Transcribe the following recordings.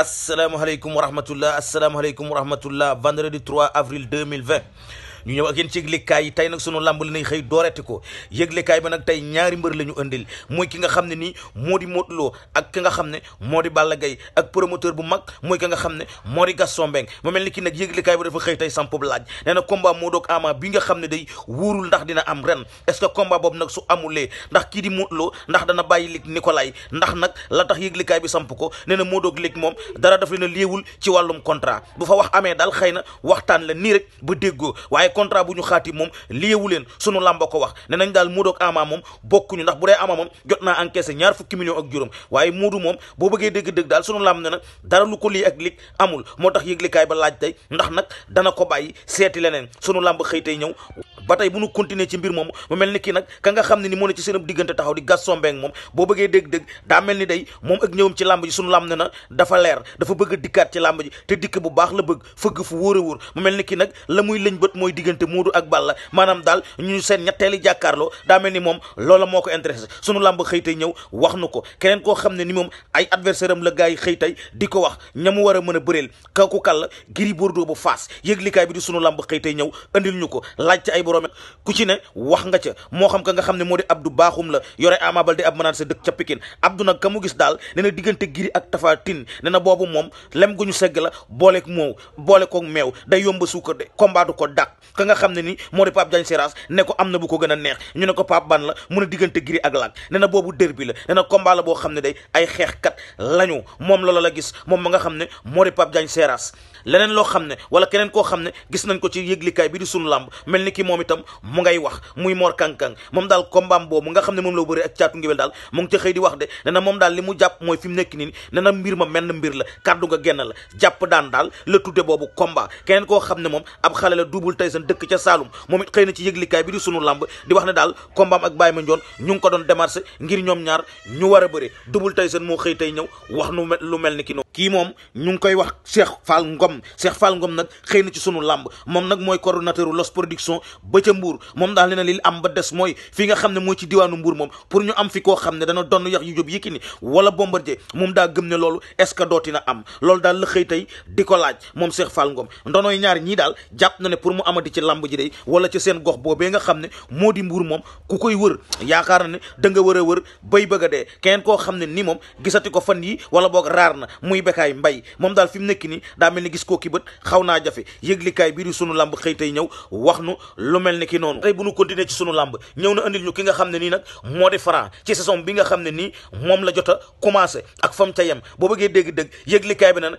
asalaamaaleykum wa rahmatullah asalaamaaleykum wa rahmatullah vendredi 3 avril 2020 ñu ñëw a yéen ci yëglekaay yi tey nag sunu làmb li nay xëy dooreti ko yëglekaay ba nag tey ñaari mbër la ñu indil mooy ki nga xam ne nii moo di Modou Lo ak ki nga xam ne moo di Balla Gaye ak promoteur bu mag mooy ki nga xam ne moo di Gaston Mbengue mu mel ni ki nag yëglekaay ba dafa xëy tey sampub laaj nee na combat Modou ak Ama bi nga xam ne day wóorul ndax dina am ren est-ce que combat boobu nag su amulee ndax kii di Modou Lo ndax dana bàyyi lig Nicolas ndax nag la tax yëglekaay bi samp ko nee na Modou ak lig moom dara daf leen a ci wàllum contrat bu fa wax amee daal xëy na waxtaan la nii rek ba déggoo waaye contrat bu ñu xaati moom liyewu leen sunu làmba ko wax ne nañ daal Modou ak Ama moom bokkuñu ndax bu dee Ama moom jot naa encaissé ñaar fukki millions ak juróom waaye Modou moom boo bëggee dëgg-dëgg daal sunu làmb ne nag dara lu ko lii ak lig amul moo tax yëglikaay ba laaj tey ndax nag dana ko bàyyi seeti leneen sunu làmb xëy tey ñëw ba tey bu nu continuer ci mbir moom mu mel ni kii nag ka nga xam ne ni moo ne ci seen diggante taxaw di Gaston Mbengue moom boo bëggee dégg-dégg daa mel ni day moom ak ñëwam ci làmb ji suñu làmb ne na dafa leer dafa bëgg dikkaat ci làmb ji te dikk bu baax la bëgg fëgg fu wóor a mu mel ni kii nag la muy lëñ bët mooy diggante Modou ak Balla maanaam daal ñu seen ñetteeli jàkkaarloo daa mel ni moom loola moo ko intéressé suñu làmb xëy tey ñëw wax nu ko keneen koo xam ne ni moom ay adversaire am la gars yi xëy tey di ko wax ñamu war a mën a bëreel kaw ko kàll Gris Bordeaux bu Fass yëglikaay bi di sunu làmb xëy tey ñëw andil ñu ko laaj ci ay borom kilomètre ku ci ne wax nga ca moo xam ka nga xam ne moo di Abdou baaxum la yore Ama Baldé ab mënaan sa dëkk ca Pikine Abdou nag ka mu gis daal ne na diggante Gris ak Tapha Tine ne na moom lem gu ñu segg la boole moo boole koog meew day yomba suukar de combat du ko dàq nga xam ne ni moo di Pape Diagne Seras ne ko am na bu ko gën a neex ñu ne ko Pape ban la mu a diggante Gris ak Lac ne na boobu derby la ne na combat boo xam ne day ay xeex xeexkat lañu moom loola la gis moom ma nga xam ne moo di Pape Diagne Seras leneen loo xam ne wala keneen koo xam ne gis nañ ko ci yëglikaay bi di sunu làmb mel ni ki moom itam mu ngay wax muy Mor Kankang moom daal kombaam boobu nga xam ne moom la bëri ak caatu ngéwél daal mu ngi xëy di wax de ne na daal li mu jàpp mooy fi mu nekk nii ne na mbir ma menn mbir la kàddu nga genn la jàpp daan daal la tudde boobu combat keneen koo xam ne moom ab xale la Double Tyson dëkk ca Saalum moom xëy na ci yëglikaay bi di sunu làmb di wax ne daal kombaam ak Baye Mandione ñu ngi ko doon démarché ngir ñoom ñaar ñu war a bëri Double Tyson moo xëy tey ñëw wax nu lu mel ni ki noonu kii moom ñu ngi koy wax Cheikh faal ngoom Cheikh Fall ngoom nag xëy na ci sunu làmb moom nag mooy coordonnateur Los Production ba ca mbuur moom daal nee na lii am ba des mooy fi nga xam ne mooy ci diwaanu Mbour moom pour ñu am fi koo xam ne dana donn yax yu jóob Yékini wala Bombardier moom daa gëm ne loolu est-ce que dooti na am loolu daal la xëy tey di ko laaj moom Cheikh Fall Ngom ndonooy ñaar ñii daal jàpp ne pour mu amati ci làmb ji wala ci seen gox boobee nga xam ne moo di Mbour moom ku koy wër yaakaar na ne da nga wër a wër bay bëgg a dee keneen koo xam ne nii moom gisati ko fan yi wala boog raar na muy muy bekaay mbay moom daal fi mu nekk nii daa mel ni gis koo ki xaw naa jafe yëglikaay bii sunu làmb xëy tey ñëw wax nu lu mel ni noonu tey bu nu continuer ci sunu làmb ñëw na andil ñu ki nga xam ne nii nag moo moom la jot a commencé ak fam ca yem boo bëggee dégg-dégg yëglikaay bi nag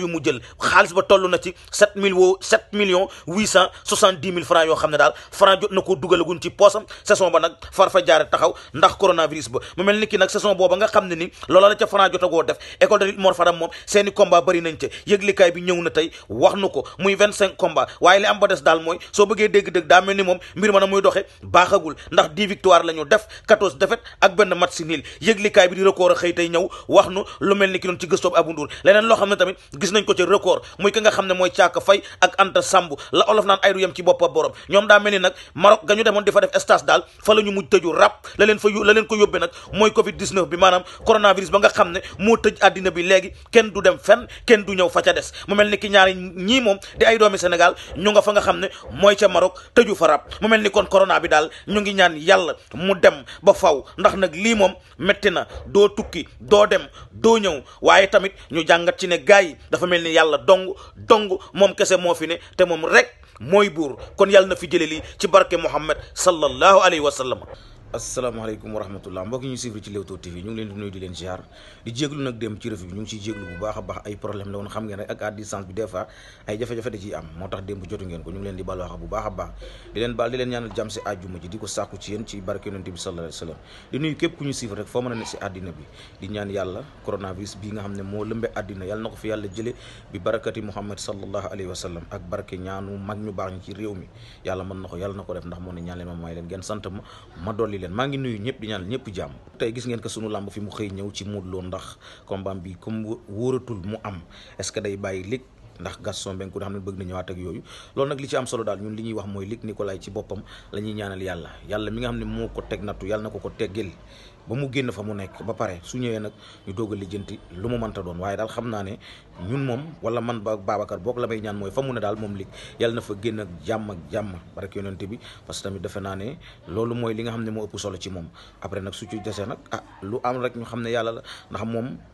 yu mu jël xaalis ba toll na ci sept mille woo sept millions huit cent soixante dix mille francs xam ne daal Franc jot na ko dugalagun ci poosam saison ba nag far fa jaare taxaw ndax coronavirus ba mu mel ni ki nag saison booba nga xam ne ni loola la ca Franc jotagoo def école de lutte faram moom seen combat bëri ca yëglikaay bi ñëw na tey wax nu ko muy vingt cinq combat waaye li am ba des daal mooy soo bëggee dégg-dégg daa mel ni moom mbir ma na muy doxe baaxagul ndax dix victoire la def quatorze défaite ak benn match si niil yëglikaay bi di record a xëy tey ñëw wax nu lu mel ni ki doon ci gëstoob Abou Ndour leneen loo xam ne tamit gis nañ ko ci record muy ki nga xam ne mooy Caaka Fay ak Anta Samb la olof naan ay du ci boppa kenn du dem fenn kenn du ñëw fa ca des mu mel ni ki ñaar ñii moom di ay doomi Sénégal ñu nga fa nga xam ne mooy ca Maroc tëju fa rab mu mel ni kon corona bi daal ñu ngi ñaan yàlla mu dem ba faw ndax nag lii moom métti na doo tukki doo dem doo ñëw waaye tamit ñu jàngat ci ne gars yi dafa mel ni yàlla dong dong moom kese moo fi ne te moom rek mooy buur kon yàlla na fi jële lii ci barke Muhammad sallallahu alayhi wa sallam asalaamaaleykum wa rahmatullah mbokk ñu suivre ci Leewtoo TV ñu leen di nuyu di leen ziar di jéeglu nag a baax démb a baax di leen baal di leen ñaanal jàmm ko sàkku ci yéen ci barke yonent bi sallallahu alayhi a ne ne moo lëmbe àddina yàlla na ko fi yàlla jële bi barakati Muhammad sallallahu alayhi wasallam ak barke ñaanu mag ñu baax ñi ci réew mi yàlla mën na ko yàlla na ko def ndax moo ne ñaan leen ma may leen ngeen sant ma ma dolli leen maa ngi nuyu ñëpp di ñaanal ñëpp jàmm tey gis ngeen ko sunu làmb fi mu xëy ñëw ci mu Lo ndax combat bi comme wóoratul mu am est-ce que day bàyyi lig ndax Gaston Mbengue ku nga xam ne bëgg na ñëwaat ak yooyu loolu nag li ci am solo daal ñun li ñuy wax mooy Luc Nicolaï ci boppam la ñuy ñaanal yàlla yàlla mi nga xam ne moo ko teg nattu yàlla na ko ko teggil ba mu génn fa mu nekk ba pare su ñëwee nag ñu doog a lijjanti lu mu mënta doon waaye daal xam naa ne ñun moom wala man ba Babacar boog la may ñaan mooy fa mu ne daal moom Luc yàlla na fa génn ak jàmm ak jàmm barke bi parce que tamit defe naa ne loolu mooy li nga xam ne moo ëpp solo ci moom après nag su ci desee nag ah lu am rek ñu xam ne yàlla la ndax moom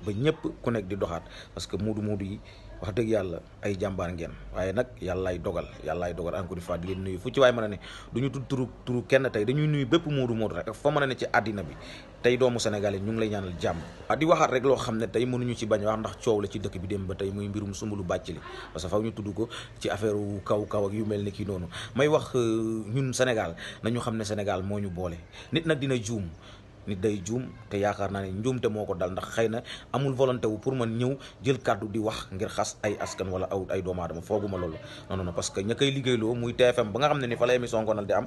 ba ñëpp ku nekk di doxaat parce que muudu muudu yi wax dëgg yàlla ay jàmbaar ngeen waaye nag yàllaay dogal yàllaay dogal encore une fois di leen nuyu fu ci waaye mën a ne du ñu tudd turu kenn tey dañuy nuyu bépp muudu muudu rek fa mën a ne ci àddina bi tey doomu Sénégal yi ñu lay ñaanal jàmm a ah, di waxaat rek loo xam ne tey mënuñu ci bañ wax ndax coow la ci dëkk bi dem ba tey muy mbirum sumbalu bàcc li parce que faw ñu tudd ko ci affaire wu kaw kaw ak yu mel ni kii noonu may wax euh, ñun Sénégal nañu xam ne Sénégal moo ñu boole nit nag dina juum nit day juum te yaakaar naa ne njuumte moo ko dal ndax xëy na amul volonté wu pour man ñëw jël kàddu di wax ngir xas ay askan wala aw ay doomu aadama fooguma loolu non non parce que ña koy liggéeyloo muy TFM ba nga xam ne ni fa la émission ngoonal di am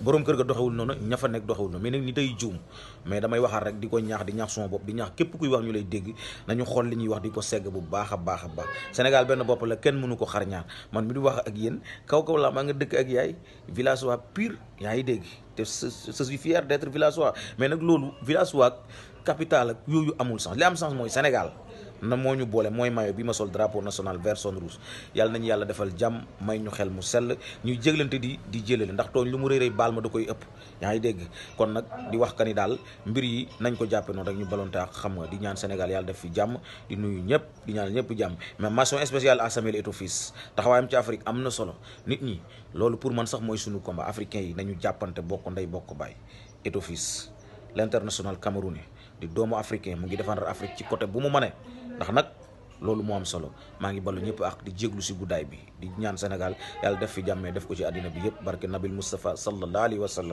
borom kër ga doxewul noonu ña fa nekk doxewul noonu mais nag juum mais damay waxaat rek di ko ñaax di ñaax suma bopp di ñaax képp kuy wax ñu lay dégg nañu xool li ñuy wax di ko segg bu baax a baax a baax Sénégal benn bopp la kenn mënu ko xar ñaar man mi di wax ak yéen kaw kaw laa maa nga dëkk ak yaay village waa pire yaa ngi dégg te je suis fier d'être villageois mais nag loolu villageois ak capital ak yooyu amul sens li am sens mooy Sénégal na moo ñu boole mooy mayo bi ma sol drapeau national vert jaune rouge yàlla nañu yàlla defal jàmm may ñu xel mu sell ñu jéglante di di jélale ndax tooñ lu mu réeréy baal ma da koy ëpp yaa ngi dégg kon nag di wax ka ni daal mbir yi nañ ko jàppe noonu rek ñu balonte ak xam nga di ñaan Sénégal yàlla def fi jàmm di nuyu ñëpp di ñaan ñëpp jàmm mais mention spéciale à Samuel Eto'o fils taxawaayam ci Afrique am na solo nit ñi loolu pour man sax mooy sunu combat africain yi nañu jàppante bokk ndey bokk baay Eto'o fils l'international camerounais di doomu africain mu ngi défendre Afrique ci côté bu mu mënee ndax nag loolu moo am solo maa ngi ballu ñëpp ax di jéglu si guddaay bi di ñaan Sénégal yàlla def fi jàmmee def ko ci àddina bi yëpp barke nabil Moustapha sallallahu alayhi wa sallam